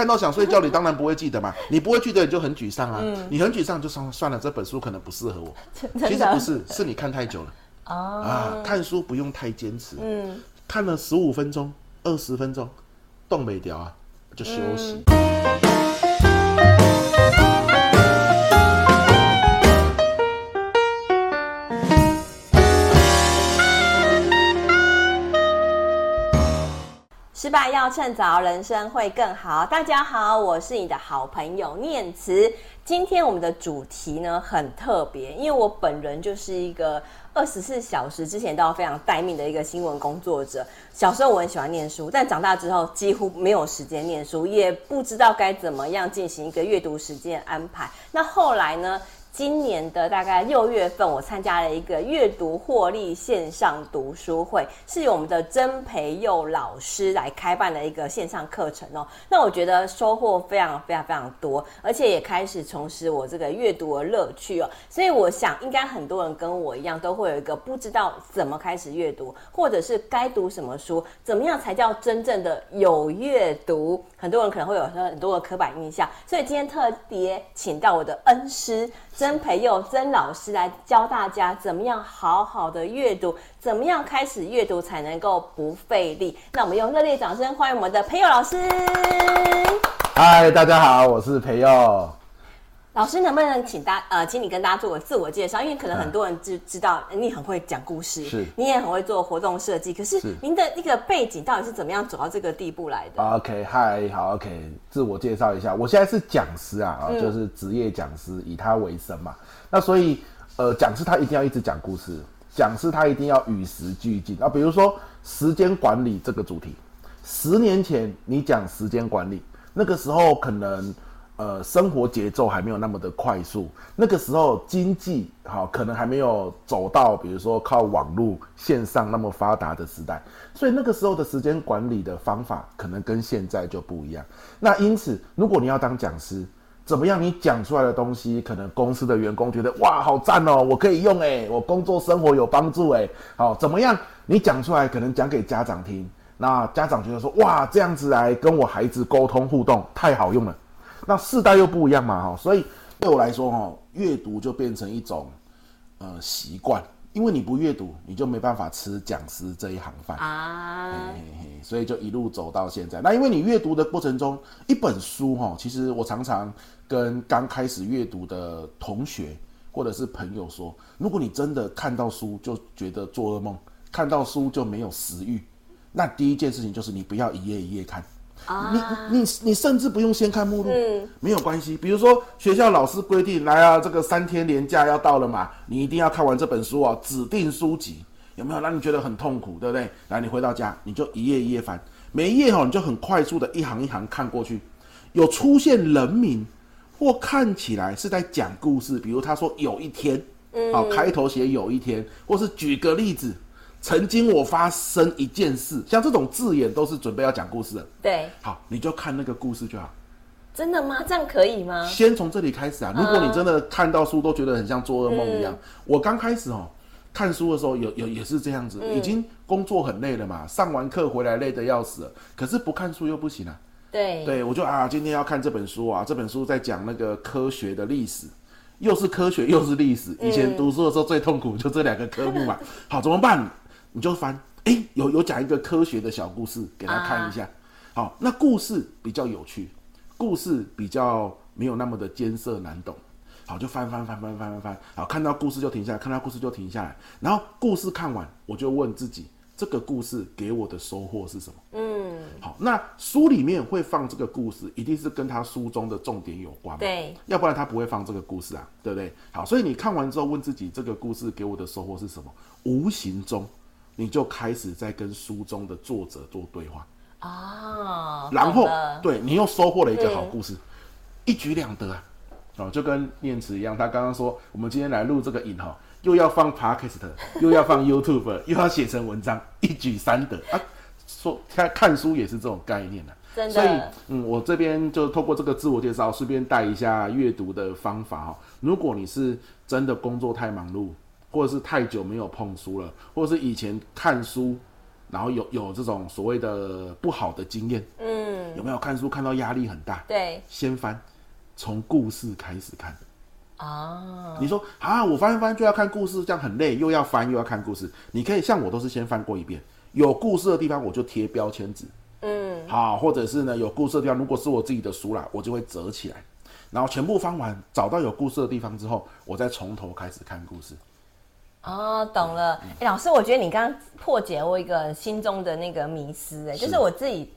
看到想睡覺，你當然不會記得嘛。你不會記得，你就很沮喪啊、嗯。你很沮喪，就算算了，這本書可能不適合我 其實不是，是你看太久了、哦、啊。看書不用太堅持、嗯，看了十五分鐘、二十分鐘，動沒掉啊，就休息。嗯嗯失敗要趁早，人生會更好。大家好，我是你的好朋友念慈。今天我們的主題呢很特別，因為我本人就是一個二十四小時之前都要非常待命的一個新聞工作者。小時候我很喜歡念書，但長大之後幾乎沒有時間念書，也不知道該怎麼樣進行一個閱讀時間安排。那後來呢？今年的大概六月份，我參加了一個閱讀獲利線上讀書會，是由我們的曾培祐老師來開辦的一個線上課程哦。那我覺得收穫非常非常非常多，而且也開始重拾我這個閱讀的樂趣哦。所以我想，應該很多人跟我一樣，都會有一個不知道怎麼開始閱讀，或者是該讀什麼書，怎麼樣才叫真正的有閱讀？很多人可能會有很很多的刻板印象，所以今天特別請到我的恩師。曾培祐，曾老師來教大家怎麼樣好好的閱讀，怎麼樣開始閱讀才能夠不費力。那我們用熱烈掌聲歡迎我們的培祐老師。嗨，大家好，我是培祐。老師，能不能請大呃，請你跟大家做個自我介紹？因為可能很多人知知道，你很會講故事，嗯、是你也很會做活動設計。可是您的那個背景到底是怎麼樣走到這個地步來的？OK，嗨，好，OK，自我介紹一下，我現在是講師啊，啊、喔嗯，就是職業講師，以他為生嘛。那所以，呃，講師他一定要一直講故事，講師他一定要與時俱進。啊，比如說時間管理這個主題，十年前你講時間管理，那個時候可能呃，生活節奏還沒有那麼的快速，那個時候經濟好，可能還沒有走到比如說靠網絡線，線上那麼發達的時代，所以那個時候的時間管理的方法可能跟現在就不一樣。那因此，如果你要當講師，怎麼樣？你講出來的東西，可能公司的員工覺得哇，好讚哦，我可以用誒，我工作生活有幫助誒，好，怎麼樣？你講出來，可能講給家長聽，那家長覺得說哇，這樣子來跟我孩子溝通互動，太好用了。那世代又不一樣嘛，哈，所以對我來說，哈，閱讀就變成一種，呃，習慣。因為你不閱讀，你就沒辦法吃講師這一行飯啊，嘿嘿嘿，所以就一路走到現在。那因為你閱讀的過程中，一本書，哈，其實我常常跟剛開始閱讀的同學或者是朋友說，如果你真的看到書就覺得做噩夢，看到書就沒有食欲，那第一件事情就是你不要一頁一頁看。啊、你你你甚至不用先看目錄、嗯，沒有關係。比如說學校老師規定，來啊，這個三天連假要到了嘛，你一定要看完這本書啊、哦，指定書籍有沒有？讓你覺得很痛苦，對不對？來，你回到家你就一頁一頁翻，每一頁哦你就很快速的一行一行看過去，有出現人名或看起來是在講故事，比如他說有一天，好、嗯哦、開頭寫有一天，或是舉個例子。曾經我發生一件事，像這種字眼都是準備要講故事的。對，好，你就看那個故事就好。真的嗎？這樣可以嗎？先從這裡開始啊！啊如果你真的看到書都覺得很像做噩夢一樣、嗯，我剛開始哦看書的時候有，有有也是這樣子、嗯，已經工作很累了嘛，上完課回來累得要死了，可是不看書又不行啊。對，對我就啊，今天要看這本書啊，這本書在講那個科學的歷史，又是科學又是歷史，嗯、以前讀書的時候最痛苦就這兩個科目嘛。 好，怎麼辦？你就翻，哎、欸，有有講一個科學的小故事給他看一下，uh -huh. 好，那故事比較有趣，故事比較沒有那麼的艱澀難懂，好，就翻翻翻翻翻翻翻，好，看到故事就停下，看到故事就停下來，然後故事看完，我就問自己，這個故事給我的收穫是什麼？嗯、mm -hmm.，好，那書裡面會放這個故事，一定是跟他書中的重點有關，對，要不然他不會放這個故事啊，對不對？好，所以你看完之後問自己，這個故事給我的收穫是什麼？無形中。你就開始在跟書中的作者做對話啊，oh, 然後對你又收穫了一個好故事，一舉兩得啊、哦！就跟念慈一樣，他剛剛說我們今天來錄這個影哈又要放 podcast，又要放 YouTube， 又要寫成文章，一舉三得啊！說看看書也是這種概念的、啊，真的。所以嗯，我這邊就透過這個自我介紹，順便帶一下閱讀的方法哈。如果你是真的工作太忙碌。或者是太久沒有碰書了，或者是以前看書，然後有有這種所謂的不好的經驗，嗯，有沒有看書看到壓力很大？對，先翻，從故事開始看，啊，你說啊，我翻一翻就要看故事，這樣很累，又要翻又要看故事。你可以像我都是先翻過一遍，有故事的地方我就貼標籤紙，嗯，好，或者是呢，有故事的地方，如果是我自己的書啦，我就會折起來，然後全部翻完，找到有故事的地方之後，我再從頭開始看故事。哦，懂了。哎、嗯，老師，我覺得你剛剛破解我一個心中的那個迷思，哎，就是我自己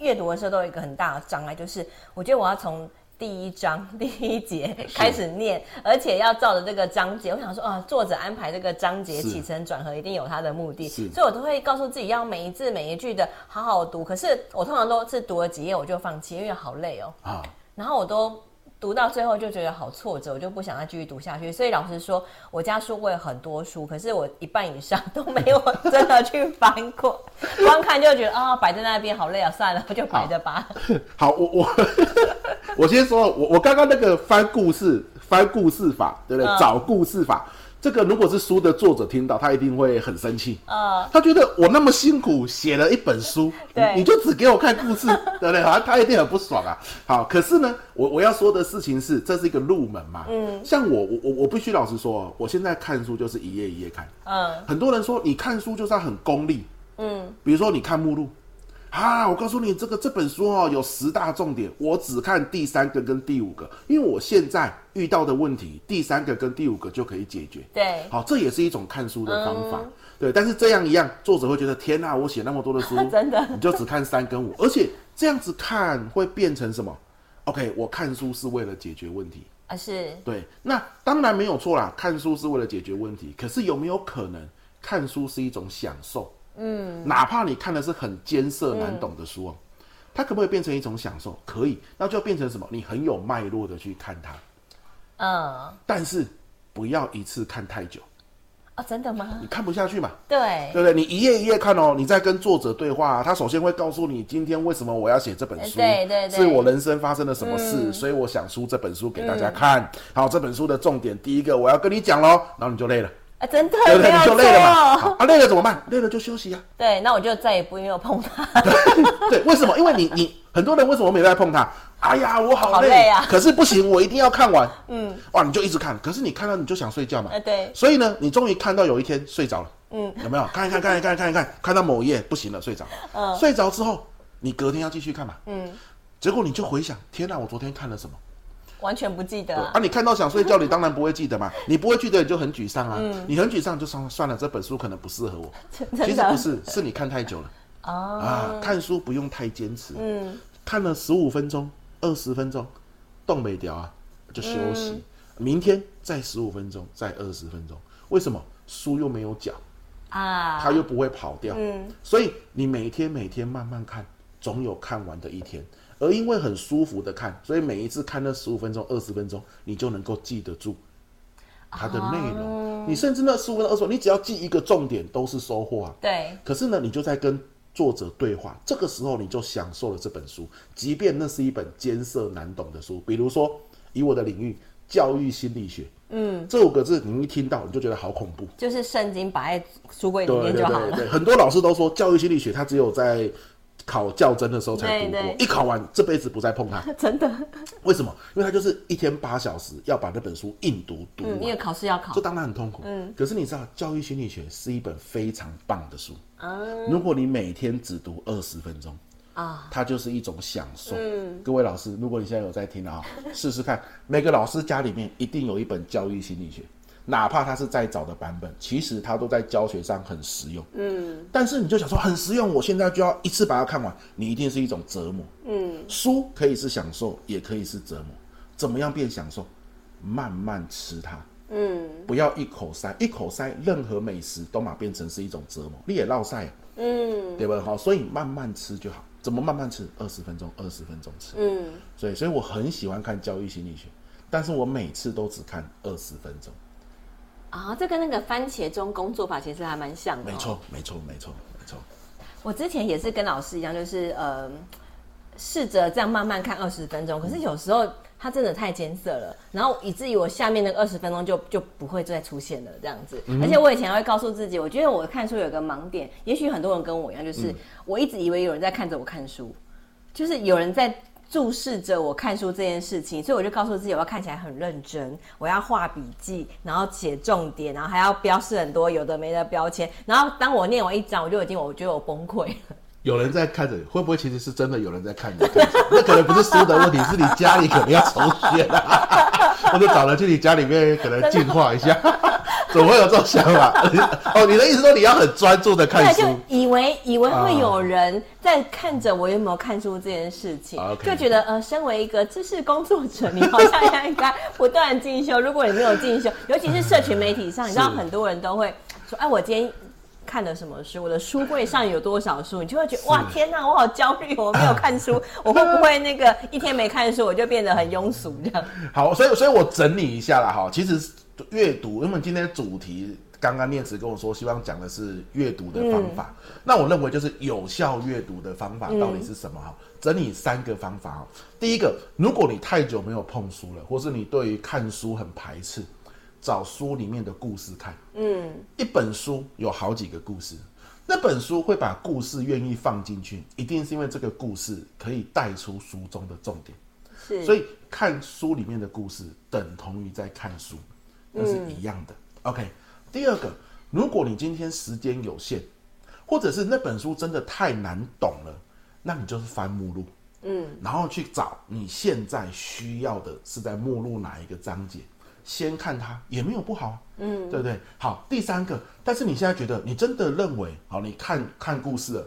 閱讀的時候都有一個很大的障礙，就是我覺得我要從第一章第一節開始念，而且要照着這個章節，我想說，啊，作者安排這個章節起承轉合一定有他的目的，所以我都會告訴自己要每一字每一句的好好讀。可是我通常都是讀了幾頁我就放棄，因為好累哦。啊，然後我都。讀到最後就覺得好挫折，我就不想再繼續讀下去。所以老實說，我家書櫃很多書，可是我一半以上都沒有真的去翻過， 光看就覺得啊、哦，擺在那邊好累啊，算了，我就擺着吧。啊、好，我我我先說，我我剛剛那個翻故事翻故事法，對不對？嗯、找故事法。這個如果是書的作者聽到，他一定會很生氣啊！Uh, 他覺得我那麼辛苦寫了一本書，嗯、你就只給我看故事， 對不對？好像他一定很不爽啊！好，可是呢，我我要說的事情是，這是一個入門嘛。嗯，像我我我我必須老實說，我現在看書就是一頁一頁看。嗯、uh，很多人說你看書就是很功利。嗯，比如說你看目錄。啊，我告訴你，這個這本書哦，有十大重點，我只看第三個跟第五個，因為我現在遇到的問題，第三個跟第五個就可以解決。對，好，這也是一種看書的方法。嗯、對，但是這樣一樣，作者會覺得天啊，我寫那麼多的書， 真的，你就只看三跟五，而且這樣子看會變成什麼？OK，我看書是為了解決問題啊，是，對，那當然沒有錯啦，看書是為了解決問題，可是有沒有可能看書是一種享受？嗯，哪怕你看的是很艱澀難懂的書哦，哦、嗯，它可不可以變成一種享受？可以，那就變成什麼？你很有脈絡的去看它。嗯，但是不要一次看太久。啊、哦，真的嗎？你看不下去嘛？對，對不對？你一頁一頁看哦，你在跟作者對話、啊。他首先會告訴你今天為什麼我要寫這本書，對對對，對，是我人生發生了什麼事，嗯、所以我想出這本書給大家看、嗯。好，這本書的重點，第一個我要跟你講嘍，然後你就累了。啊、欸，真的對，你就累了嘛、哦？啊，累了怎麼辦？累了就休息呀、啊。對，那我就再也不沒有碰它。 對，為什麼？因為你，你很多人為什麼沒在碰它？哎呀我，我好累啊！可是不行，我一定要看完。嗯，哇，你就一直看，可是你看到你就想睡覺嘛？嗯、對。所以呢，你終於看到有一天睡着了。嗯，有沒有？看一看，看一看，看一看，看到某一頁不行了，睡着了。嗯，睡着之後，你隔天要繼續看嘛？嗯，結果你就回想，天哪，我昨天看了什麼？完全不記得啊！啊你看到想睡覺，你當然不會記得嘛。 你不會記得你就很沮喪啊、嗯。你很沮喪就算，算了，這本書可能不適合我 真的。其實不是，是你看太久了。 啊，啊，看書不用太堅持、嗯，看了十五分鐘、二十分鐘，動沒掉啊，就休息。嗯、明天再十五分鐘，再二十分鐘。為什麼書又沒有腳啊？它又不會跑掉、嗯，所以你每天每天慢慢看，總有看完的一天。而因為很舒服的看，所以每一次看那十五分鐘、二十分鐘，你就能夠記得住它的內容。嗯，你甚至那十五分鐘、二十分鐘，你只要記一個重點都是收穫啊。對。可是呢，你就在跟作者對話，這個時候你就享受了這本書，即便那是一本艱澀難懂的書。比如說，以我的領域教育心理學，嗯，這五個字你一聽到你就覺得好恐怖，就是聖經擺在書櫃裡面就好了。對對對對對，很多老師都說教育心理學，它只有在。考教甄的時候才讀過，對對，一考完這輩子不再碰它。 真的？為什麼？因為它就是一天八小時要把那本書硬讀、嗯、讀你也考試要考，這當然很痛苦。嗯，可是你知道，教育心理學是一本非常棒的書啊、嗯。如果你每天只讀二十分鐘啊，它就是一種享受。嗯，各位老師，如果你現在有在聽的啊，試試看，每個老師家裡面一定有一本教育心理學。哪怕它是再早的版本，其實它都在教學上很實用。嗯，但是你就想說很實用，我現在就要一次把它看完，你一定是一種折磨。嗯，書可以是享受，也可以是折磨。怎麼樣變享受？慢慢吃它。嗯，不要一口塞，一口塞，任何美食都嘛變成是一種折磨，你也落曬。嗯，對不對？好，所以慢慢吃就好。怎麼慢慢吃？二十分鐘，二十分鐘吃。嗯，所以，所以我很喜歡看《教育心理學》，但是我每次都只看二十分鐘。啊，這跟那個番茄鐘工作法其實還蠻像的哦。沒錯，沒錯，沒錯，沒錯。我之前也是跟老師一樣，就是呃，試着這樣慢慢看二十分鐘。可是有時候它真的太艱澀了，然後以至於我下面那個二十分鐘就就不會再出現了這樣子，嗯。而且我以前還會告訴自己，我覺得我看書有個盲點，也許很多人跟我一樣，就是我一直以為有人在看着我看書，就是有人在。注視着我看書這件事情，所以我就告訴自己，我要看起來很認真，我要畫筆記，然後寫重點，然後還要標示很多有的沒的標籤。然後當我念完一章，我就已經，我覺得我崩潰了。有人在看着，會不會其實是真的有人在看著看著你？ 那可能不是書的問題，是你家裡可能要抽血啊，我就找人去你家裡面可能淨化一下。 怎麼會有這種想法？ 哦，你的意思說你要很專注的看書？對，就以為以為會有人在看着我有沒有看書這件事情，啊 okay. 就覺得呃，身為一個知識工作者，你好像應該不斷進修。 如果你沒有進修，尤其是社群媒體上， 你知道很多人都會說：“哎、啊，我今天。”看了什麼書？我的書櫃上有多少書？你就會覺得哇，天哪，啊，我好焦慮，我沒有看書， 我會不會那個 一天沒看書，我就變得很庸俗這樣？好，所以，所以我整理一下了哈。其實閱讀，因為今天主題剛剛念慈跟我說，希望講的是閱讀的方法，嗯。那我認為就是有效閱讀的方法到底是什麼？哈，嗯，整理三個方法。第一個，如果你太久沒有碰書了，或是你對於看書很排斥。找書裡面的故事看，嗯，一本書有好幾個故事，那本書會把故事願意放進去，一定是因為這個故事可以帶出書中的重點，是，所以看書裡面的故事等同於在看書，那是一樣的。OK，第二個，如果你今天時間有限，或者是那本書真的太難懂了，那你就是翻目錄，嗯，然後去找你現在需要的是在目錄哪一個章節。先看它也沒有不好啊，嗯，對不對？好，第三個，但是你現在覺得你真的認為好，你看看故事了，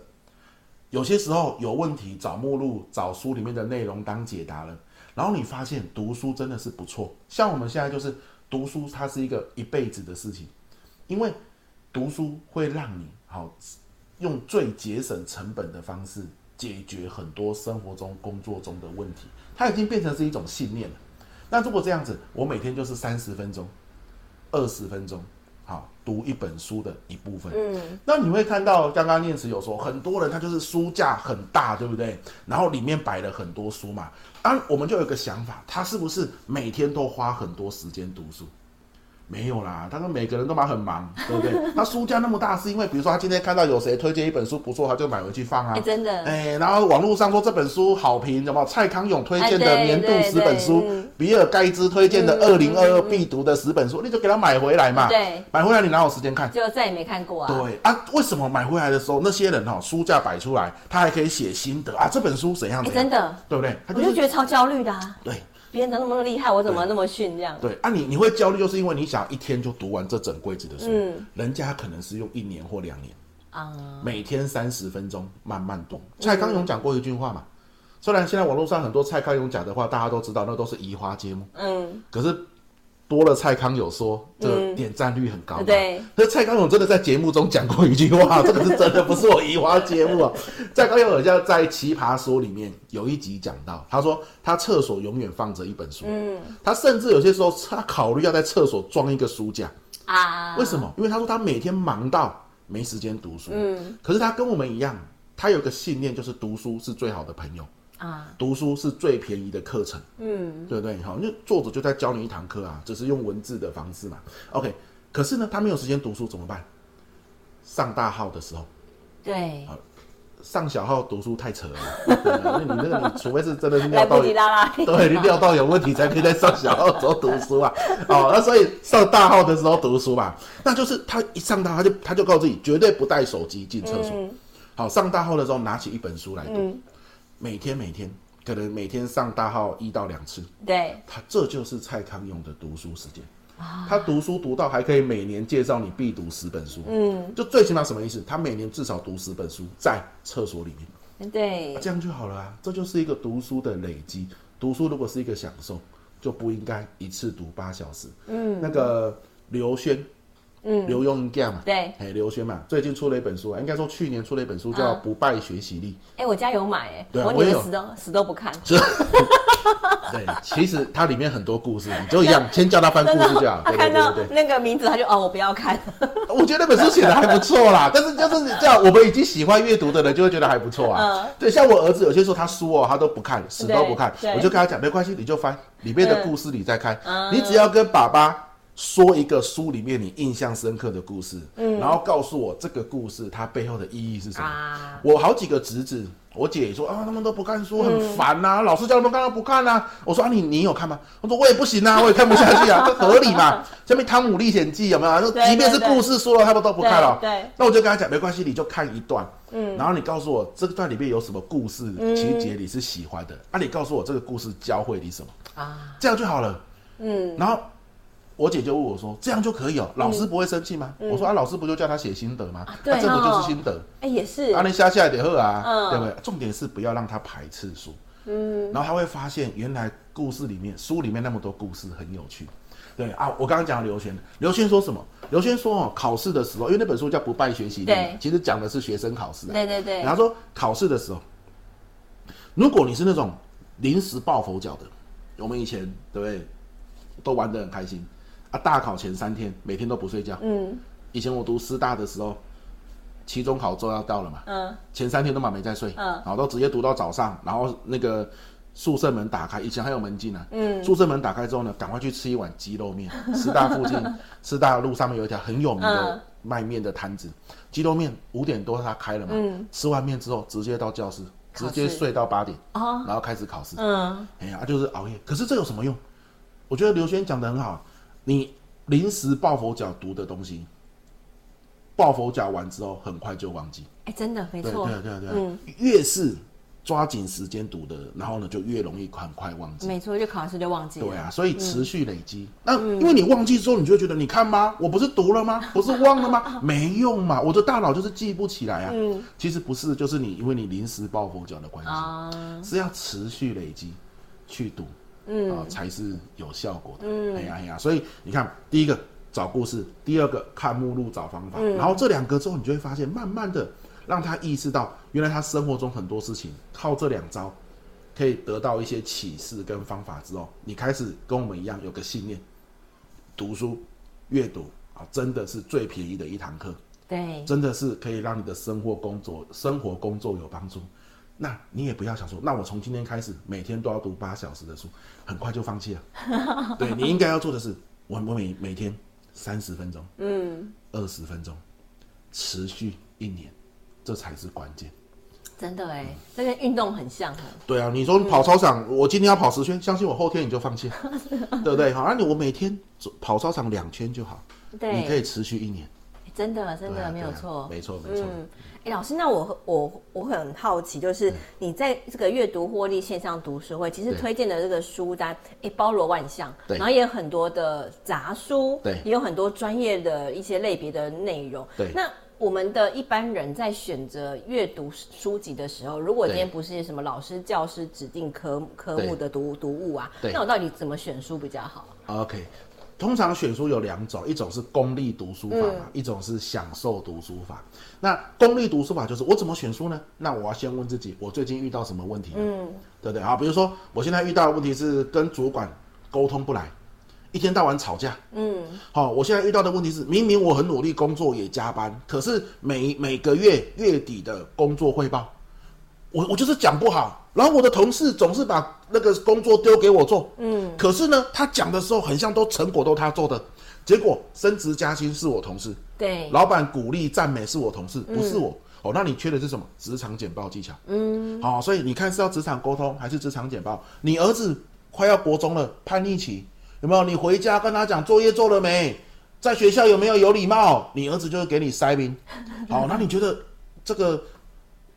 有些時候有問題找目錄，找書裡面的內容當解答了，然後你發現讀書真的是不錯。像我們現在就是讀書，它是一個一輩子的事情，因為讀書會讓你好用最節省成本的方式解決很多生活中、工作中的問題。它已經變成是一種信念了。那如果這樣子，我每天就是三十分鐘，二十分鐘，好，讀一本書的一部分。嗯，那你會看到剛剛念慈有說，很多人他就是書架很大，對不對？然後裡面擺了很多書嘛。啊，我們就有個想法，他是不是每天都花很多時間讀書？沒有啦，他說每個人都忙很忙，對不對？那 書架那麼大，是因為比如說他今天看到有誰推薦一本書不錯，他就買回去放啊。欸、真的。哎、欸，然後網絡上說這本書好評，什麼蔡康永推薦的年度十本書，欸、比爾蓋茨推薦的二零二二必讀的十本書，嗯，你就給他買回來嘛，嗯。對。買回來你哪有時間看？就再也沒看過啊。對啊，為什麼買回來的時候那些人哈，哦，書架擺出來，他還可以寫心得啊？這本書怎樣，怎樣，欸？真的。對不對？他，就是，我就覺得超焦慮的。啊。對。別人都那麼厲害，我怎麼那麼遜這樣？對，對啊，你，你你會焦慮，就是因為你想一天就讀完這整櫃子的書，嗯，人家可能是用一年或兩年，啊，嗯，每天三十分鐘慢慢讀。蔡康永講過一句話嘛，嗯，雖然現在網絡上很多蔡康永講的話，大家都知道，那都是移花接木，嗯，可是。多了蔡康永說，這個、點讚率很高、啊嗯。對，蔡康永真的在節目中講過一句話， 這個是真的，不是我移花接木啊。蔡康永好像在《奇葩說》裡面有一集講到，他說他廁所永遠放着一本書，嗯，他甚至有些時候他考慮要在廁所裝一個書架啊？為什麼？因為他說他每天忙到沒時間讀書，嗯，可是他跟我們一樣，他有個信念，就是讀書是最好的朋友。啊，讀書是最便宜的課程，嗯，對不對？好、哦，就作者就在教你一堂課啊，只是用文字的方式嘛。OK，可是呢，他沒有時間讀書怎麼辦？上大號的時候，對，好、啊，上小號讀書太扯了，對啊、 因你那個你，你你除非是真的今天到底啦啦，對，料到有問題才可以在上小號時候讀書啊。好、 哦、那所以上大號的時候讀書吧，那就是他一上大號，他就他就告訴自己絕對不帶手機進廁所、嗯。好，上大號的時候拿起一本書來讀。嗯每天每天可能每天上大號一到兩次，對，他這就是蔡康永的讀書時間，啊。他讀書讀到還可以每年介紹你必讀十本書，嗯，就最起碼什麼意思？他每年至少讀十本書，在廁所裡面，對，啊，這樣就好了啊！這就是一個讀書的累積。讀書如果是一個享受，就不應該一次讀八小時。嗯，那個劉軒。嗯，劉墉家嘛，對，劉軒嘛，最近出了一本書，應該說去年出了一本書，叫《不敗學習力》。哎、嗯欸，我家有買、欸，哎，我也死都死都不看。 對，其實它裡面很多故事，你就一樣， 先叫他翻故事就好。他看到對對對對那個名字，他就哦，我不要看。我覺得那本書寫得還不錯啦， 但是就是這樣， 我們已經喜歡閱讀的人就會覺得還不錯啊、嗯。對，像我兒子，有些時候他書哦、喔，他都不看，死都不看。我就跟他講，沒關係，你就翻裡面的故事，你再看。你只要跟爸爸。說一個書裡面你印象深刻的故事，嗯，然後告訴我這個故事它背後的意義是什麼。啊、我好幾個侄子，我姐也說啊，他們都不看書，很煩吶，啊嗯，老師叫他們幹嘛不看呢？啊？我說啊，你，你有看嗎？我說我也不行啊， 我也看不下去啊，這 合理嘛？ 下面《湯姆歷險記》有沒有？啊？即便是故事書了，嗯，他們都不看了。對，對，對，那我就跟他講，沒關係，你就看一段，嗯，然後你告訴我這段裡面有什麼故事，嗯，情節你是喜歡的啊？你告訴我這個故事教會你什麼啊？這樣就好了，嗯，然後。我姐就問我說：“這樣就可以哦？老師不會生氣嗎？”嗯嗯、我說：“啊，老師不就叫他寫心得嗎？那、啊哦啊、這不就是心得？哎，也是。啊，你下下來以後啊、嗯，對不對？重點是不要讓他排斥書。嗯，然後他會發現原來故事裡面書裡面那麼多故事很有趣，對啊。我剛剛講劉軒，劉軒說什麼？劉軒說哦，考試的時候，因為那本書叫《不敗學習力》對，其實講的是學生考試、啊。對對對。然後說考試的時候，如果你是那種臨時抱佛腳的，我們以前對不對都玩得很開心。”啊，大考前三天每天都不睡覺。嗯，以前我讀師大的時候，期中考試要到，到了嘛。嗯，前三天都嘛沒在睡。嗯，然後都直接讀到早上，然後那個宿舍門打開，以前還有門禁呢、啊。嗯，宿舍門打開之後呢，趕快去吃一碗雞肉麵。師、嗯、大附近，師 大路上面有一條很有名的賣麵的攤子、嗯，雞肉麵五點多它開了嘛。嗯，吃完麵之後直接到教室，直接睡到八點、哦。然後開始考試。嗯，哎呀，啊、就是熬夜。Okay, 可是這有什麼用？我覺得劉軒講的很好。你臨時抱佛腳讀的東西，抱佛腳完之後很快就忘記。哎、欸，真的沒錯，對對,對對對，嗯，越是抓緊時間讀的，然後呢，就越容易很快忘記。沒錯，越考試就忘記了。對啊，所以持續累積、嗯。那、嗯、因為你忘記之後，你就覺得你看嗎？我不是讀了嗎？不是忘了嗎？ 沒用嘛，我的大腦就是記不起來啊、嗯。其實不是，就是你因為你臨時抱佛腳的關係啊、嗯，是要持續累積去讀。嗯啊，才是有效果的。嗯，哎呀哎呀，所以你看，第一個找故事，第二個看目錄找方法，嗯，然後這兩個之後，你就會發現，慢慢的讓他意識到，原來他生活中很多事情靠這兩招可以得到一些啟示跟方法。之後，你開始跟我們一樣有個信念，讀書閱讀啊，真的是最便宜的一堂課。對，真的是可以讓你的生活工作生活工作有幫助。那你也不要想說，那我從今天開始每天都要讀八小時的書，很快就放棄了。 對，你應該要做的是，我我每每天三十分鐘，嗯，二十分鐘，持續一年，這才是關鍵。真的哎、嗯，這跟運動很像。對啊，你說你跑操場、嗯，我今天要跑十圈，相信我後天你就放棄，了、 啊，對不對？好，那你我每天跑操場兩圈就好，對，你可以持續一年。真的，真的對啊對啊，沒有錯，沒錯，沒錯。嗯哎，老師，那我我我很好奇，就是你在這個閱讀獲利線上讀書會，其實推薦的這個書單，哎，包羅萬象，對，然後也有很多的雜書，對，也有很多專業的一些類別的內容。對，那我們的一般人在選擇閱讀書籍的時候，如果今天不是什麼老師、教師指定科科目的讀對，讀物啊，對，那我到底怎麼選書比較好？OK。通常選書有兩種，一種是功利讀書法、嗯，一種是享受讀書法。那功利讀書法就是我怎麼選書呢？那我要先問自己，我最近遇到什麼問題？嗯，對不對啊？比如說我現在遇到的問題是跟主管溝通不來，一天到晚吵架。嗯，好、哦，我現在遇到的問題是明明我很努力工作也加班，可是每每個月月底的工作匯報。我我就是講不好，然後我的同事總是把那個工作丟給我做，嗯，可是呢，他講的時候很像都成果都他做的，結果升職加薪是我同事，對，老板鼓勵讚美是我同事，嗯、不是我，哦，那你缺的是什麼？職場簡報技巧，嗯，好、哦，所以你看是要職場溝通還是職場簡報？你兒子快要國中了，叛逆期，有沒有？你回家跟他講作業做了沒？在學校有沒有有禮貌？你兒子就給你塞兵，好、 哦，那你覺得這個？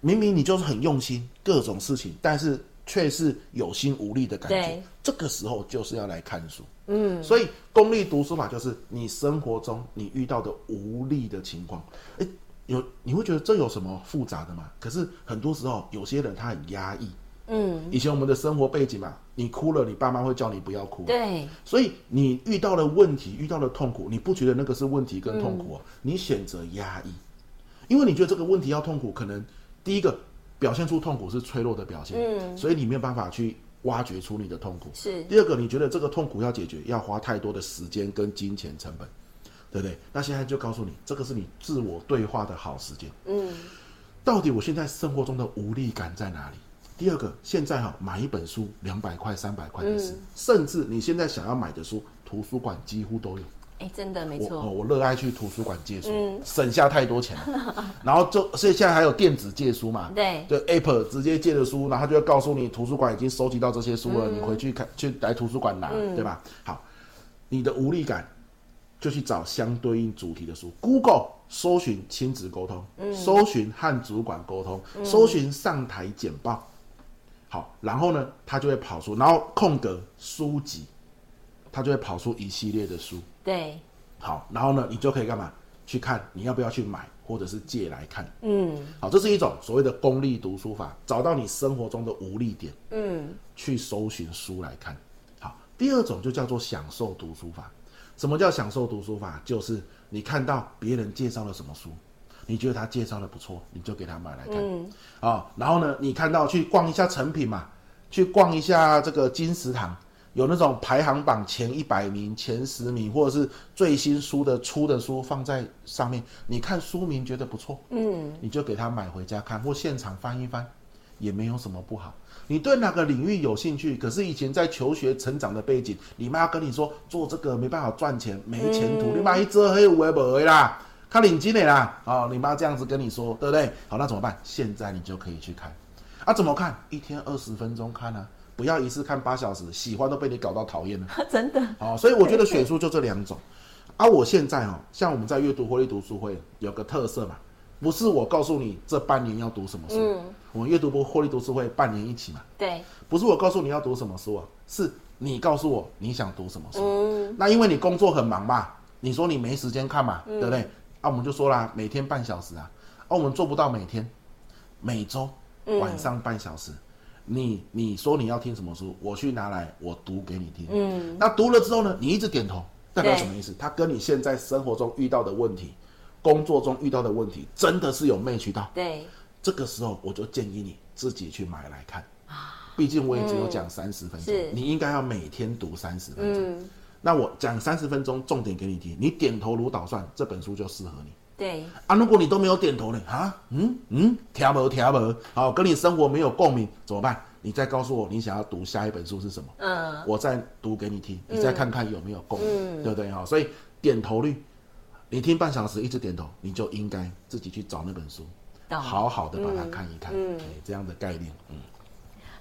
明明你就是很用心，各種事情，但是卻是有心無力的感覺。對，這個時候就是要來看書。嗯，所以功利讀書法就是你生活中你遇到的無力的情況。哎，有你會覺得這有什麼複雜的嘛？可是很多時候有些人他很壓抑。嗯，以前我們的生活背景嘛，你哭了，你爸媽會叫你不要哭。對，所以你遇到了問題、遇到了痛苦，你不覺得那個是問題跟痛苦啊？嗯，你選擇壓抑，因為你覺得這個問題要痛苦，可能。第一個表現出痛苦是脆弱的表現，嗯，所以你沒有辦法去挖掘出你的痛苦。是第二個，你覺得這個痛苦要解決，要花太多的時間跟金錢成本，對不對？那現在就告訴你，這個是你自我對話的好時間。嗯，到底我現在生活中的無力感在哪裡？第二個，現在哈、喔、買一本書兩百塊、三百塊的事、嗯，甚至你現在想要買的書，圖書館幾乎都有。哎、欸，真的沒錯。我我熱愛去圖書館借書、嗯，省下太多錢了。 然後就所以現在還有電子借書嘛？對，對，Apple 直接借的書，然後它就會告訴你圖書館已經收集到這些書了、嗯，你回去看，去來圖書館拿、嗯，對吧？好，你的無力感，就去找相對應主題的書。Google 搜尋親子溝通，嗯、搜尋和主管溝通，嗯、搜尋上台簡報。好，然後呢，它就會跑出，然後空格書籍，它就會跑出一系列的書。對，好，然後呢，你就可以幹嘛？去看你要不要去買，或者是借來看。嗯，好，這是一種所謂的功利讀書法，找到你生活中的無力點，嗯，去搜尋書來看。好，第二種就叫做享受讀書法。什麼叫享受讀書法？就是你看到別人介紹了什麼書，你覺得他介紹的不錯，你就給他買來看。嗯，啊，然後呢，你看到去逛一下誠品嘛，去逛一下這個金石堂。有那種排行榜前一百名、前十名，或者是最新書的出的書放在上面，你看書名覺得不錯，嗯，你就給他買回家看或現場翻一翻，也沒有什麼不好。你對哪個領域有興趣？可是以前在求學成長的背景，你媽要跟你說做這個沒辦法賺錢，沒前途，你媽一遮黑我也不會啦，看領紀你啦，哦，你媽這樣子跟你說，對不對？好，那怎麼辦？現在你就可以去看，啊，怎麼看？一天二十分鐘看啊。不要一次看八小時，喜歡都被你搞到討厭了。 真的。哦，所以我覺得選書就這兩種。對對對啊，我現在哦，像我們在閱讀獲利讀書會有個特色嘛，不是我告訴你這半年要讀什麼書，嗯、我們閱讀部獲利讀書會半年一期嘛，對，不是我告訴你要讀什麼書，啊，是你告訴我你想讀什麼書、嗯。那因為你工作很忙嘛，你說你沒時間看嘛、嗯，對不對？啊，我們就說啦，每天半小時啊，啊，我們做不到每天，每週晚上半小時。嗯你你說你要聽什麼書，我去拿來，我讀給你聽。嗯，那讀了之後呢？你一直點頭，代表什麼意思？它跟你現在生活中遇到的問題，工作中遇到的問題，真的是有命渠道。對，這個時候我就建議你自己去買來看啊，畢竟我也只有講三十分鐘、嗯，你應該要每天讀三十分鐘。嗯，那我講三十分鐘，重點給你聽，你點頭如搗蒜，這本書就適合你。對啊，如果你都沒有點頭呢？啊，嗯嗯，聽不懂，聽不懂，好，跟你生活沒有共鳴怎麼辦？你再告訴我你想要讀下一本書是什麼，嗯，我再讀給你聽，你再看看有沒有共鳴、嗯，對不對、哦？哈，所以點頭率，你聽半小時一直點頭，你就應該自己去找那本書，好好的把它看一看，哎、嗯，okay, 這樣的概念，嗯。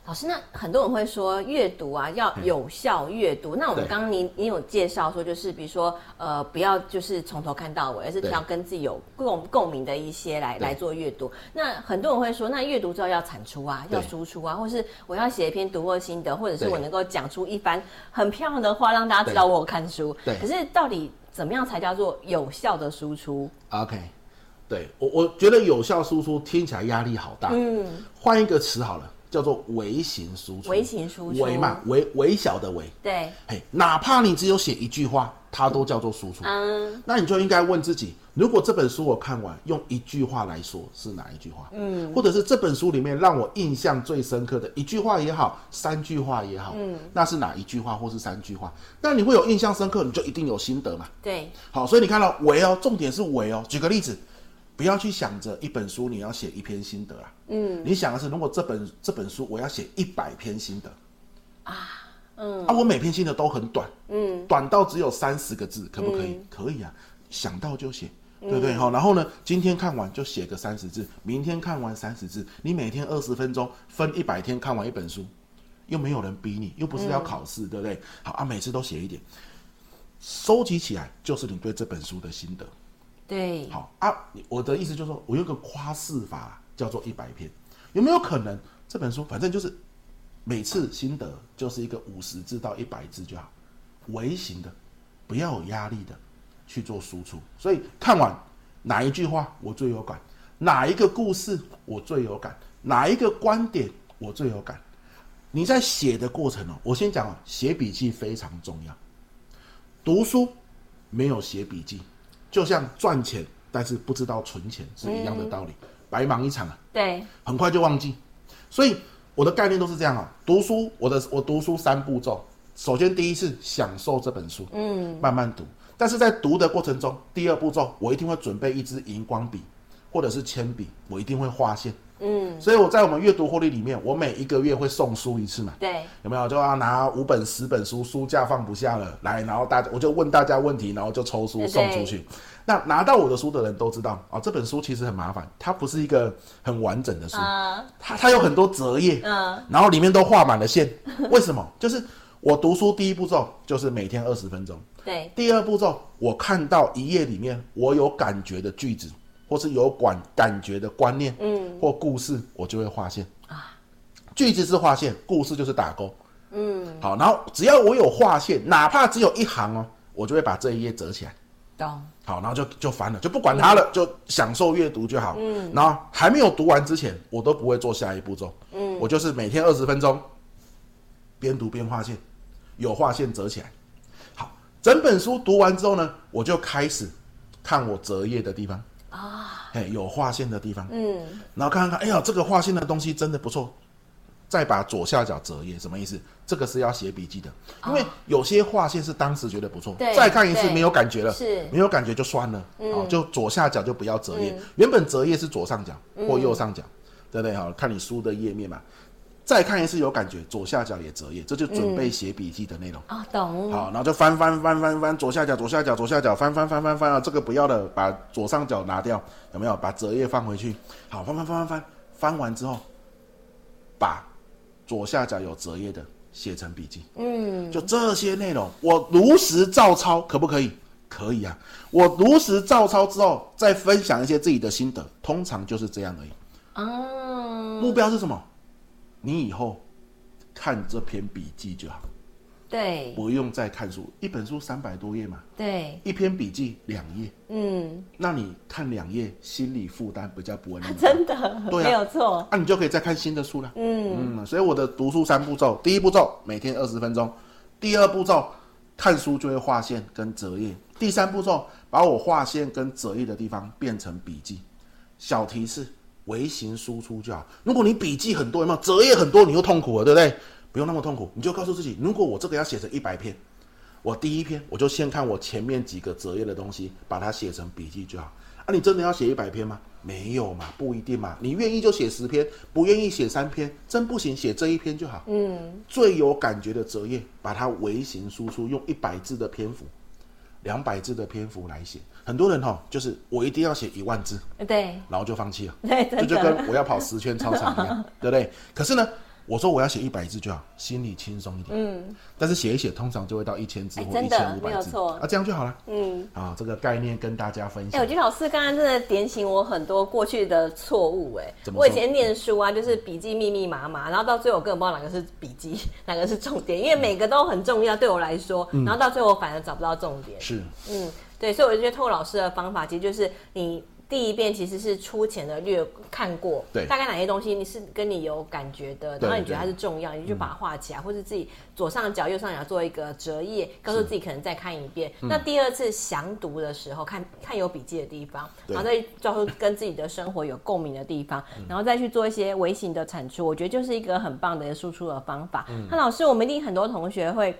老師，那很多人會說閱讀啊要有效閱讀、嗯。那我們剛剛您您有介紹說，就是比如說呃不要就是從頭看到尾，而是要跟自己有共共鳴的一些來來做閱讀。那很多人會說，那閱讀之後要產出啊，要輸出啊，或是我要寫一篇讀後心得，或者是我能夠講出一番很漂亮的話，讓大家知道我有看書。對，可是到底怎麼樣才叫做有效的輸出？OK，對，對我我覺得有效輸出聽起來壓力好大。嗯，換一個詞好了。叫做微型輸出，微型輸出，微嘛，微微小的微。對，嘿、hey，哪怕你只有寫一句話，它都叫做輸出。嗯，那你就應該問自己：如果這本書我看完，用一句話來說是哪一句話？嗯，或者是這本書裡面讓我印象最深刻的一句話也好，三句話也好，嗯，那是哪一句話，或是三句話？那你會有印象深刻，你就一定有心得嘛。對，好，所以你看到哦，“微”哦，重點是“微”哦。舉個例子。不要去想着一本書你要寫一篇心得啊。嗯，你想的是如果這本這本書我要寫一百篇心得，啊，嗯，啊我每篇心得都很短，嗯，短到只有三十個字，可不可以？嗯，可以啊，想到就寫，嗯，對不對？好，然後呢，今天看完就寫個三十字，明天看完三十字，你每天二十分鐘分一百天看完一本書，又沒有人逼你，又不是要考試，嗯，對不對？好，啊，每次都寫一點，收集起來就是你對這本書的心得。對，好啊！我的意思就是說，我有個誇試法，叫做一百篇，有沒有可能這本書反正就是每次心得就是一個五十字到一百字就好，微型的，不要有壓力的去做輸出。所以看完哪一句話我最有感，哪一個故事我最有感，哪一個觀點我最有感。你在寫的過程哦，我先講啊、哦，寫筆記非常重要，讀書沒有寫筆記。就像賺錢，但是不知道存錢是一樣的道理，嗯，白忙一場啊！對，很快就忘記，所以我的概念都是這樣啊。讀書，我的我讀書三步驟，首先第一是享受這本書，嗯，慢慢讀。但是在讀的過程中，第二步驟我一定會準備一支熒光筆或者是鉛筆，我一定會畫線。嗯，所以我在我們閱讀獲利裡面，我每一個月會送書一次嘛？對，有沒有就要拿五本十本書，書架放不下了，來，然後大家我就問大家問題，然後就抽書、嗯、送出去。那拿到我的書的人都知道啊、哦，這本書其實很麻煩，它不是一個很完整的書，呃、它它有很多折頁，嗯，然後裡面都畫滿了線。為什麼？就是我讀書第一步驟就是每天二十分鐘，對，第二步驟我看到一頁裡面我有感覺的句子。或是有感感覺的觀念，嗯，或故事，我就會畫線啊。句子是劃線，故事就是打勾，嗯。好，然後只要我有劃線，哪怕只有一行哦、喔，我就會把這一頁折起來。懂。好，然後就就煩了，就不管它了、嗯，就享受閱讀就好。嗯。然後還沒有讀完之前，我都不會做下一步驟。嗯。我就是每天二十分鐘，邊讀邊劃線，有劃線折起來。好，整本書讀完之後呢，我就開始看我折頁的地方。哎、hey，有劃線的地方，嗯，然後看看哎呀，這個劃線的東西真的不錯，再把左下角折頁什麼意思？這個是要寫筆記的，哦、因為有些劃線是當時覺得不錯，再看一次沒有感覺了，是，沒有感覺就算了、嗯，哦，就左下角就不要折頁、嗯，原本折頁是左上角或右上角，嗯、對不對、哦？看你書的頁面嘛。再看一次有感覺，左下角也折頁，這就準備寫筆記的內容啊、嗯哦。懂。好，然後就翻翻翻翻翻左下角左下角左下角翻翻翻翻翻、啊、這個不要的，把左上角拿掉，有沒有？把折頁放回去。好，翻翻翻翻翻，翻完之後，把左下角有折頁的寫成筆記。嗯，就這些內容，我如實照抄可不可以？可以啊。我如實照抄之後，再分享一些自己的心得，通常就是這樣而已。啊、哦，目標是什麼？你以後看這篇筆記就好，對，不用再看書。一本書三百多頁嘛，對，一篇筆記兩頁，嗯，那你看兩頁，心理負擔比較不穩，真的，對、啊，沒有錯。那、啊、你就可以再看新的書了，嗯嗯。所以我的讀書三步驟：第一步驟每天二十分鐘；第二步驟看書就會劃線跟折頁；第三步驟把我劃線跟折頁的地方變成筆記。小提示。微型輸出就好。如果你筆記很多，有沒有折頁？很多，你又痛苦了，對不對？不用那麼痛苦，你就告訴自己，如果我這個要寫成一百篇，我第一篇我就先看我前面幾個折頁的東西，把它寫成筆記就好。啊，你真的要寫一百篇嗎？沒有嘛，不一定嘛。你願意就寫十篇，不願意寫三篇，真不行寫這一篇就好。嗯，最有感覺的折頁，把它微型輸出，用一百字的篇幅，兩百字的篇幅來寫。很多人哈，就是我一定要寫一萬字，對，然後就放棄了，對，這就跟我要跑十圈操場一樣， 對不對？可是呢，我說我要寫一百字就好，心裡輕鬆一點，嗯。但是寫一寫，通常就會到一千字或一千五百字、欸，真的，沒有錯。啊，這樣就好了，嗯。啊，這個概念跟大家分享。哎、欸，我覺得老師剛剛真的點醒我很多過去的錯誤、欸，哎，怎麼說？我以前念書啊，就是筆記密密麻麻，然後到最後根本不知道哪個是筆記，哪個是重點，因為每個都很重要、嗯、對我來說，然後到最後反而找不到重點，嗯、是，嗯。對，所以我就覺得，透過老師的方法，其實就是你第一遍其實是粗淺的略看過，對，大概哪些東西你是跟你有感覺的，然後你覺得它是重要，你就把它畫起來，嗯、或者自己左上角、右上角做一個折頁，告訴自己可能再看一遍。那第二次詳讀的時候，嗯、看看有筆記的地方，然後再找出跟自己的生活有共鳴的地方，然後再去做一些微型的產出。嗯、我覺得就是一個很棒的輸出的方法。那、嗯、老師，我們一定很多同學會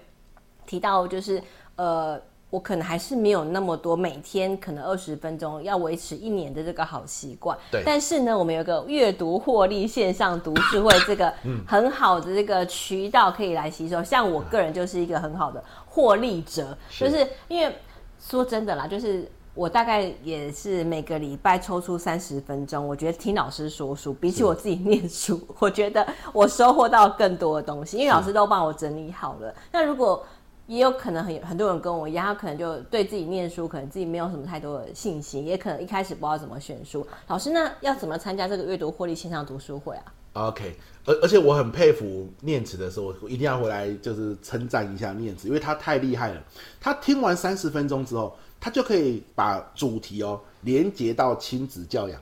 提到，就是呃。我可能還是沒有那麼多，每天可能二十分鐘要維持一年的這個好習慣。對。但是呢，我們有個閱讀獲利線上讀書會，這個很好的這個渠道可以來吸收。嗯、像我個人就是一個很好的獲利者，啊、就是，是因為說真的啦，就是我大概也是每個禮拜抽出三十分鐘，我覺得聽老師說書，比起我自己念書，我覺得我收穫到更多的東西，因為老師都幫我整理好了。那如果也有可能很很多人跟我一樣，他可能就對自己念書，可能自己沒有什麼太多的信心，也可能一開始不知道怎麼選書。老師呢，那要怎麼參加這個閱讀獲利線上讀書會啊？OK，而而且我很佩服念慈的時候，我一定要回來就是稱讚一下念慈，因為他太厲害了。他聽完三十分鐘之後，他就可以把主題哦連接到親子教養。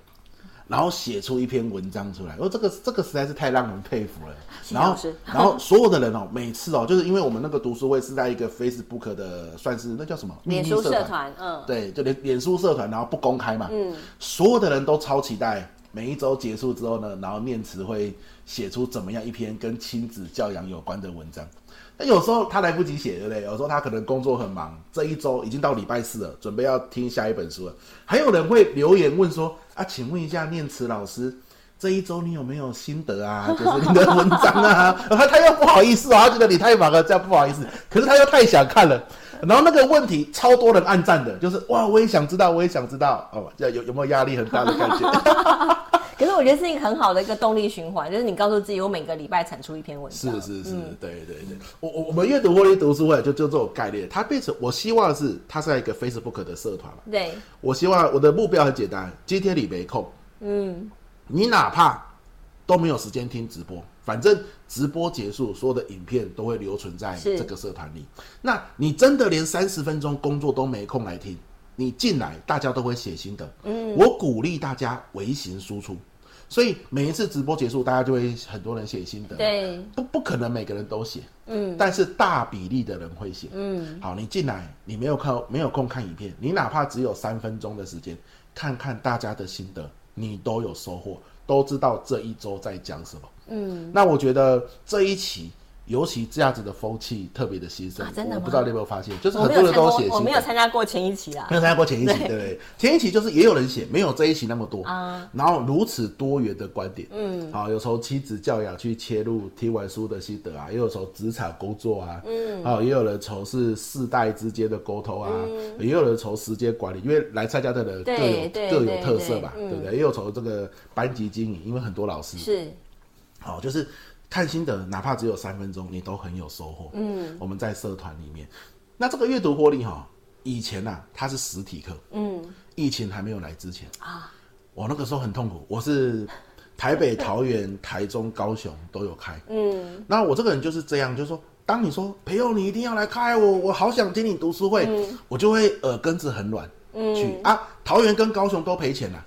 然後寫出一篇文章出來，然後，哦，這個這個實在是太讓人佩服了。然後， 然後所有的人哦，每次哦，就是因為我們那個讀書會是在一個 Facebook 的，算是那叫什麼？臉書社團，嗯，對，就臉臉書社團，然後不公開嘛，嗯，所有的人都超期待。每一週結束之後呢，然後念慈會寫出怎麼樣一篇跟親子教養有關的文章。那有時候他來不及寫，對不對？有時候他可能工作很忙，這一週已經到禮拜四了，準備要聽下一本書了。還有人會留言問說：“啊，請問一下念慈老師，這一週你有沒有心得啊？就是你的文章啊？”他、 啊、他又不好意思啊，他覺得你太忙了，這樣不好意思。可是他又太想看了，然後那個問題超多人按讚的，就是哇，我也想知道，我也想知道。哦，這樣有有沒有壓力很大的感覺？ 可是我覺得是一個很好的一個動力循環，就是你告訴自己，我每個禮拜產出一篇文章。是是是，嗯、是是對對對。我我我們閱讀獲利讀書會就就這種概念，它變成我希望是它是在一個 Facebook 的社團嘛。對。我希望我的目標很簡單，今天你沒空，嗯，你哪怕都沒有時間聽直播，反正直播結束，所有的影片都會留存在這個社團裡。那你真的連三十分鐘工作都沒空來聽，你進來大家都會寫心得。嗯，我鼓勵大家微型輸出。所以每一次直播結束，大家就會很多人寫心得。對，不不可能每個人都寫，嗯，但是大比例的人會寫，嗯。好，你進來，你沒有看，沒有空看影片，你哪怕只有三分鐘的時間，看看大家的心得，你都有收穫，都知道這一周在講什麼。嗯，那我覺得這一期。尤其這樣子的風氣特別的興盛，啊、真的我不知道你有沒有發現，就是很多人都寫。我沒有參加過前一期啊。沒有參加過前一期，對不對？前一期就是也有人寫，沒有這一期那麼多啊。然後如此多元的觀點，嗯，好、哦，有從親子教養去切入，聽完書的心得啊，也有從職場工作啊，嗯，好、哦，也有人從事世代之間的溝通啊，嗯，也有人從時間管理，因為來參加的人各有對對對對對各有特色吧、嗯，對不對？也有從這個班級經營，因為很多老師是，好、哦，就是。看心得，哪怕只有三分鐘，你都很有收穫。嗯，我們在社團裡面，那這個閱讀獲利哈，以前啊，它是實體課。嗯，疫情還沒有來之前啊，我那個時候很痛苦。我是台北、桃園、台中、高雄都有開。嗯，那我這個人就是這樣，就說當你說朋友，你一定要來開我，我好想聽你讀書會、嗯，我就會耳根子很軟。去、嗯、啊，桃園跟高雄都賠錢了、啊。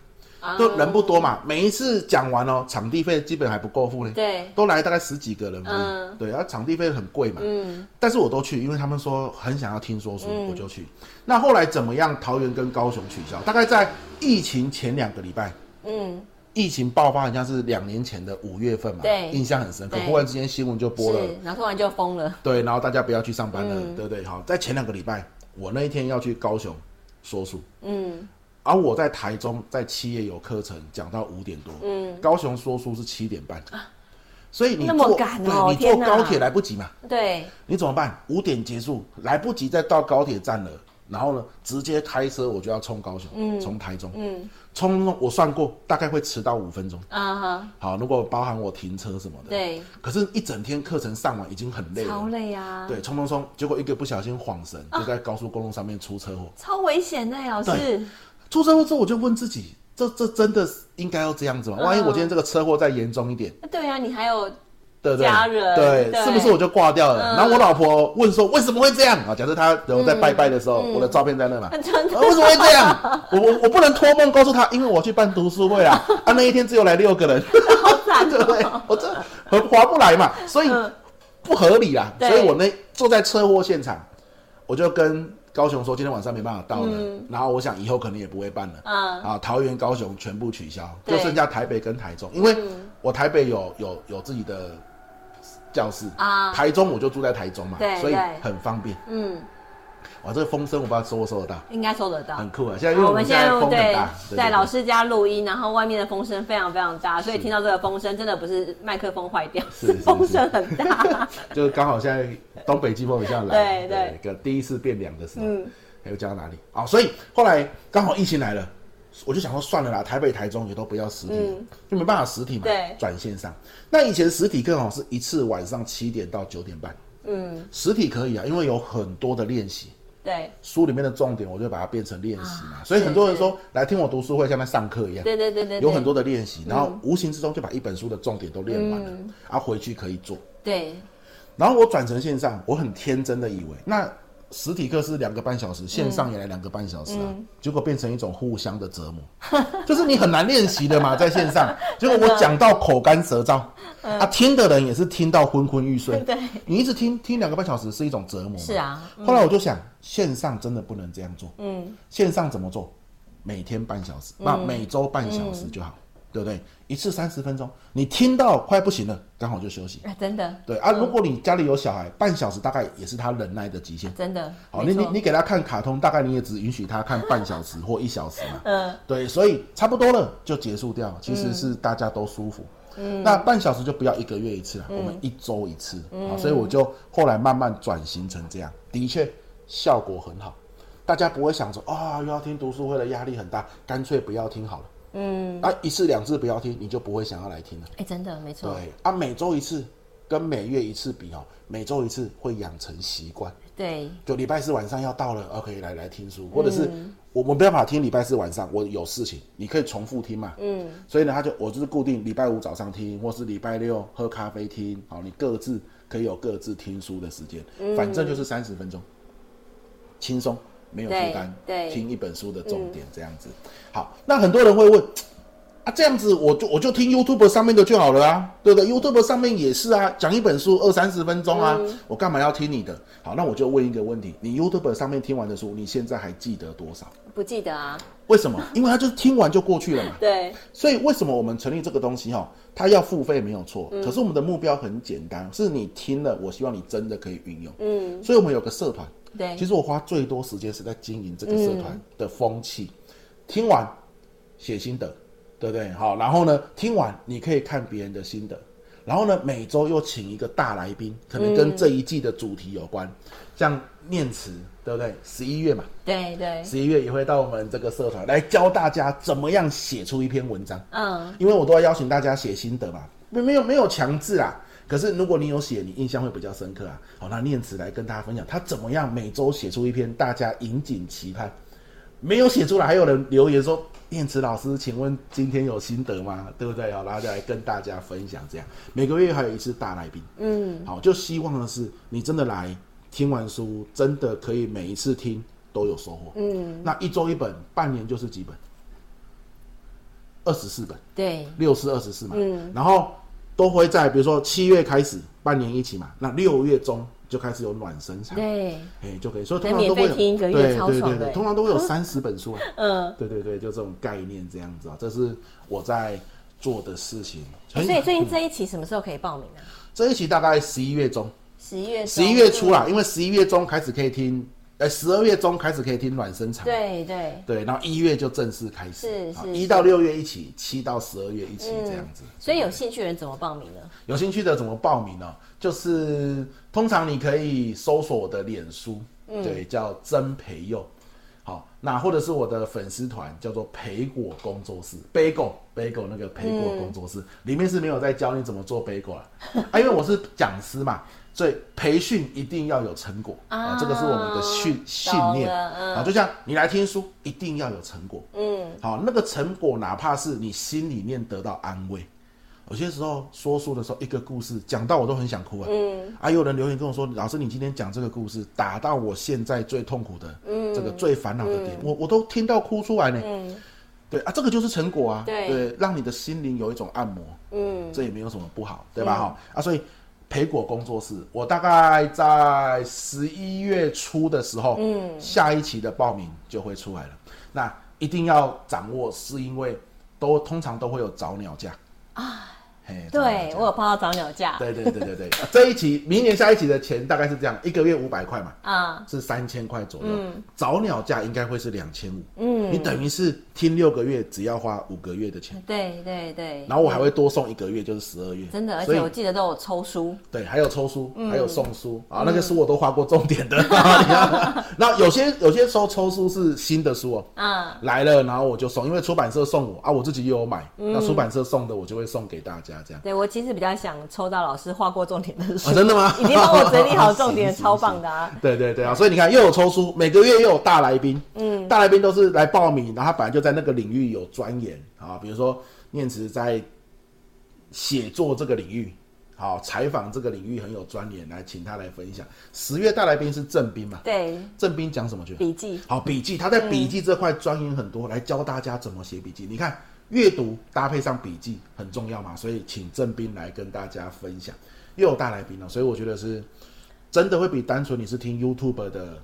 都人不多嘛，um, 每一次講完哦、喔，場地費基本還不夠付呢。對，都來大概十幾個人。嗯，對，啊場地費很貴嘛。嗯，但是我都去，因為他們說很想要聽說書，嗯、我就去。那後來怎麼樣？桃園跟高雄取消，大概在疫情前兩個禮拜。嗯，疫情爆發好像是兩年前的五月份嘛。對，印象很深刻。突然之間新聞就播了，然後突然就封了。對，然後大家不要去上班了，嗯、對，對對，好，在前兩個禮拜，我那一天要去高雄說書。嗯。而、啊、我在台中在月，在七月有課程講到五點多，嗯，高雄說書是七點半、啊，所以你坐那麼趕、啊，你坐高鐵來不及嘛，啊、對，你怎麼辦？五點結束，來不及再到高鐵站了，然後呢，直接開車我就要衝高雄，從、嗯、台中，嗯，衝我算過大概會遲到五分鐘，啊哈，好，如果包含我停車什麼的，對，可是，一整天課程上完已經很累了，好累呀、啊，對，衝冲冲，結果一個不小心晃神，就在高速公路上面出車禍、啊，超危險的，老師。出車禍之後，我就問自己：這這真的應該要這樣子嗎？萬、嗯、一、哎，我今天這個車禍再嚴重一點，對呀、啊，你還有家人，對，對，對，對，對，是不是我就掛掉了？然後我老婆問說：為什麼會這樣？嗯、啊，假設他等我在拜拜的時候、嗯，我的照片在那嘛，啊啊，為什麼會這樣？ 我我我不能托夢告訴他，因為我去辦讀書會啊 啊，那一天只有來六個人，對 不慘、喔、 對？我這很划不來嘛，所以、嗯、不合理啊。所以我那坐在車禍現場，我就跟。高雄說今天晚上沒辦法到了，嗯，然後我想以後可能也不會辦了。嗯、啊，桃園、高雄全部取消，就剩下台北跟台中，因為我台北有有有自己的教室啊、嗯，台中我就住在台中嘛，嗯、所以很方便。嗯。哇，這個風聲我不知道收不收得到，應該收得到，很酷啊。現在因為我們現在、啊、們現在對對對對對在老師家錄音，然後外面的風聲非常非常大，所以聽到這個風聲真的不是麥克風壞掉，是，是，是，是風聲很大，呵呵就是剛好現在東北季風比較冷，對對，個第一次變涼的時候，嗯，還有教到哪裡？啊，所以後來剛好疫情來了，我就想說算了啦，台北、台中也都不要實體、嗯，就沒辦法實體嘛，對，轉線上。那以前實體課好、喔、是一次晚上七點到九點半。嗯，實體可以啊，因為有很多的練習。對，書裡面的重點，我就把它變成練習嘛、啊。所以很多人說，對對對來聽我讀書會，像在上課一樣。對對對，對,對有很多的練習，然後無形之中就把一本書的重點都練完了，然、嗯、後、啊、回去可以做。對，然後我轉成線上，我很天真的以為那。實體課是兩個半小時，線上也來兩個半小時啊，啊、嗯嗯，結果，變成一種互相的折磨， 就是你很難練習的嘛，在線上，結果我講到口乾舌燥，嗯，啊，聽的人也是聽到昏昏欲睡，對，嗯，你一直聽聽兩個半小時是一種折磨，是啊，嗯，後來我就想，線上真的不能這樣做，嗯，線上怎麼做？每天半小時，那，嗯，每周半小時就好。嗯嗯對不對？一次三十分鐘，你聽到快不行了，剛好就休息。啊，真的？對啊、嗯，如果你家裡有小孩，半小時大概也是他忍耐的極限。啊、真的。好、哦，你你你給他看卡通，大概你也只允許他看半小時或一小時嘛。嗯。對，所以差不多了就結束掉了，其實是大家都舒服。嗯。那半小時就不要一個月一次了，嗯、我們一周一次。嗯。啊，所以我就後來慢慢轉型成這樣，的確效果很好。大家不會想着啊、哦，又要聽讀書會的壓力很大，乾脆不要聽好了。嗯，啊，一次兩次不要聽，你就不會想要來聽了。哎、欸，真的沒錯。對，啊，每周一次跟每月一次比哦，每周一次會養成習慣。對，就禮拜四晚上要到了可以，OK, 來來聽書、嗯，或者是我們沒辦法聽禮拜四晚上，我有事情，你可以重複聽嘛。嗯，所以呢，他就我就是固定禮拜五早上聽，或是禮拜六喝咖啡聽，好，你各自可以有各自聽書的時間、嗯，反正就是三十分鐘，輕鬆。沒有負擔，聽一本書的重點、嗯、這樣子，好。那很多人會問。啊、這樣子，我就我就聽 YouTube 上面的就好了啊，對不對？YouTube 上面也是啊，講一本書二三十分鐘啊，嗯、我幹嘛要聽你的？好，那我就問一個問題：你 YouTube 上面聽完的書，你現在還記得多少？不記得啊？為什麼？因為他就是聽完就過去了嘛。 對。所以為什麼我們成立這個東西哈、哦？它要付費沒有錯、嗯，可是我們的目標很簡單，是你聽了，我希望你真的可以運用。嗯。所以我們有個社團。對。其實我花最多時間是在經營這個社團的風氣、嗯。聽完，寫心得。對不對？好，然後呢？聽完你可以看別人的心得，然後呢？每周又請一個大來賓，可能跟這一季的主題有關，嗯、像念慈，對不對？十一月嘛，對對，十一月也會到我們這個社團來教大家怎麼樣寫出一篇文章。嗯，因為我都要邀請大家寫心得嘛，沒沒有沒有強制啊。可是如果你有寫，你印象會比較深刻啊。好，那念慈來跟大家分享他怎麼樣每周寫出一篇大家引頸期盼，沒有寫出來，還有人留言說：“念慈老師，請問今天有心得嗎？對不對？然後就來跟大家分享。這樣每個月還有一次大來賓，嗯，好，就希望的是你真的來聽完書，真的可以每一次聽都有收穫。嗯，那一周一本，半年就是幾本，二十四本，對，六四二十四嘛，嗯，然後都會在比如說七月開始，半年一起嘛，那六月中。”就開始有暖身場，對，哎、欸，就可以，所以通常都會有，還免費聽一個月超爽，對對對，對對對，通常都會有三十本書，嗯，對對對，就這種概念這樣子啊、嗯，這是我在做的事情。欸、所以、嗯、最近這一期什麼時候可以報名啊？這一期大概十一月中，十一月，十一月初啦，因為十一月中開始可以聽。哎，十二月中開始可以聽暖身場，對對對，然後一月就正式開始，是是，一到六月一起，七到十二月一起這樣子，嗯。所以有興趣的人怎麼報名呢？有興趣的怎麼報名呢？就是通常你可以搜索我的臉書，嗯，對，叫曾培祐。好，那或者是我的粉絲團叫做培果工作室，培果培果那個培果工作室，嗯，裡面是沒有在教你怎麼做培果了， 啊，因為我是講師嘛。所以培訓一定要有成果啊，這個是我們的訓訓練啊。就像你來聽書，一定要有成果。嗯，好，那個成果，哪怕是你心裡面得到安慰，有些時候說書的時候，一個故事講到我都很想哭啊。嗯，啊，有人留言跟我說，老師，你今天講這個故事，打到我現在最痛苦的，嗯，這個最煩惱的點，嗯，我我都聽到哭出來呢。嗯，對啊，這個就是成果啊。對，對對讓你的心靈有一種按摩嗯。嗯，這也沒有什麼不好，嗯、對吧？哈啊，所以。培果工作室，我大概在十一月初的時候，嗯，下一期的報名就會出來了。那一定要掌握，是因為都通常都會有早鳥價啊。欸、對我有碰到早鳥價，對對對對對，啊、這一期明年下一期的錢大概是這樣，一個月五百塊嘛，啊，是三千塊左右。嗯，早鳥價應該會是兩千五。嗯，你等於是聽六個月，只要花五個月的錢。嗯、對對對，然後我還會多送一個月，就是十二月。真的，而且我記得都有抽書，對，還有抽書，嗯、還有送書啊、嗯，那個書我都劃過重點的。那、嗯啊、 有些有些時候抽書是新的書哦、喔，啊，來了然後我就送，因為出版社送我啊，我自己又有買、嗯，那出版社送的我就會送給大家。這樣對我其實比較想抽到老師劃過重點的書、哦，真的嗎？已經幫我整理好的重點 超棒的啊！對對對啊！所以你看，又有抽書，每個月又有大來賓，嗯，大來賓都是來報名，然後他本來就在那個領域有鑽研啊、哦，比如說念慈在寫作這個領域，好、哦、採訪這個領域很有專研，來請他來分享。十月大來賓是鄭斌嘛？對，鄭斌講什麼去？去筆記，好筆記，他在筆記這塊鑽研很多、嗯，來教大家怎麼寫筆記。你看。閱讀搭配上筆記很重要嘛，所以請鄭斌來跟大家分享。又有大來賓了、喔，所以我覺得是真的會比單純你是聽 YouTube 的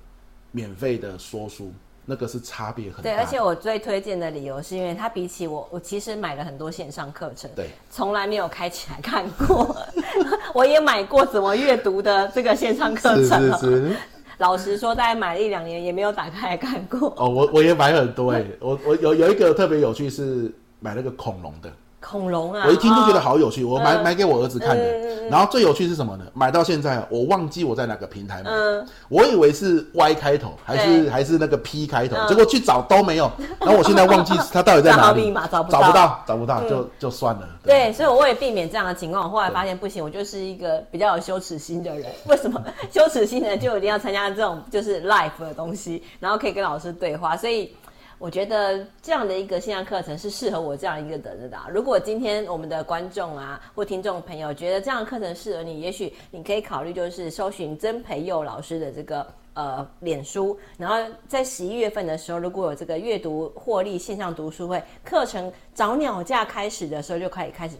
免費的說書，那個是差別很大。對，而且我最推薦的理由是因為它比起我，我其實買了很多線上課程，對，從來沒有開起來看過。 我也買過怎麼閱讀的這個線上課程是是是，老實說大概買了一兩年，再買一兩年也沒有打開來看過。哦，我我也買很多哎、欸，我我有有一個特別有趣是。買了個恐龍的恐龍啊！我一聽就覺得好有趣，啊、我買買給我兒子看的，嗯嗯。然後最有趣是什麼呢？買到現在我忘記我在哪個平台買，嗯，我以為是 Y 開頭還是還是那個 P 開頭，嗯，結果去找都沒有。然後我現在忘記它到底在哪裡， 密碼找，找不到，找不到，找不到，找不到，嗯，就就算了。對，對所以我為了避免這樣的情況，後來發現不行，我就是一個比較有羞恥心的人。 為什麼羞恥心的人就一定要參加這種就是 live 的東西，然後可以跟老師對話？所以。我覺得這樣的一個線上課程是適合我這樣一個人的、啊。如果今天我們的觀眾啊或聽眾朋友覺得這樣課程適合你，也許你可以考慮就是搜尋曾培祐老師的這個呃臉書，然後在十一月份的時候，如果有這個閱讀獲利線上讀書會課程早鳥價開始的時候，就可以開始。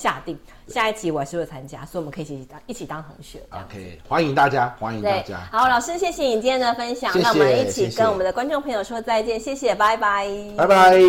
下定下一期我還是會參加，所以我們可以一起當一起當同學。OK，歡迎大家，歡迎大家。好，老師，謝謝你今天的分享，謝謝。那我們一起跟我們的觀眾朋友說再見。謝謝，謝謝，拜拜。拜拜。拜拜。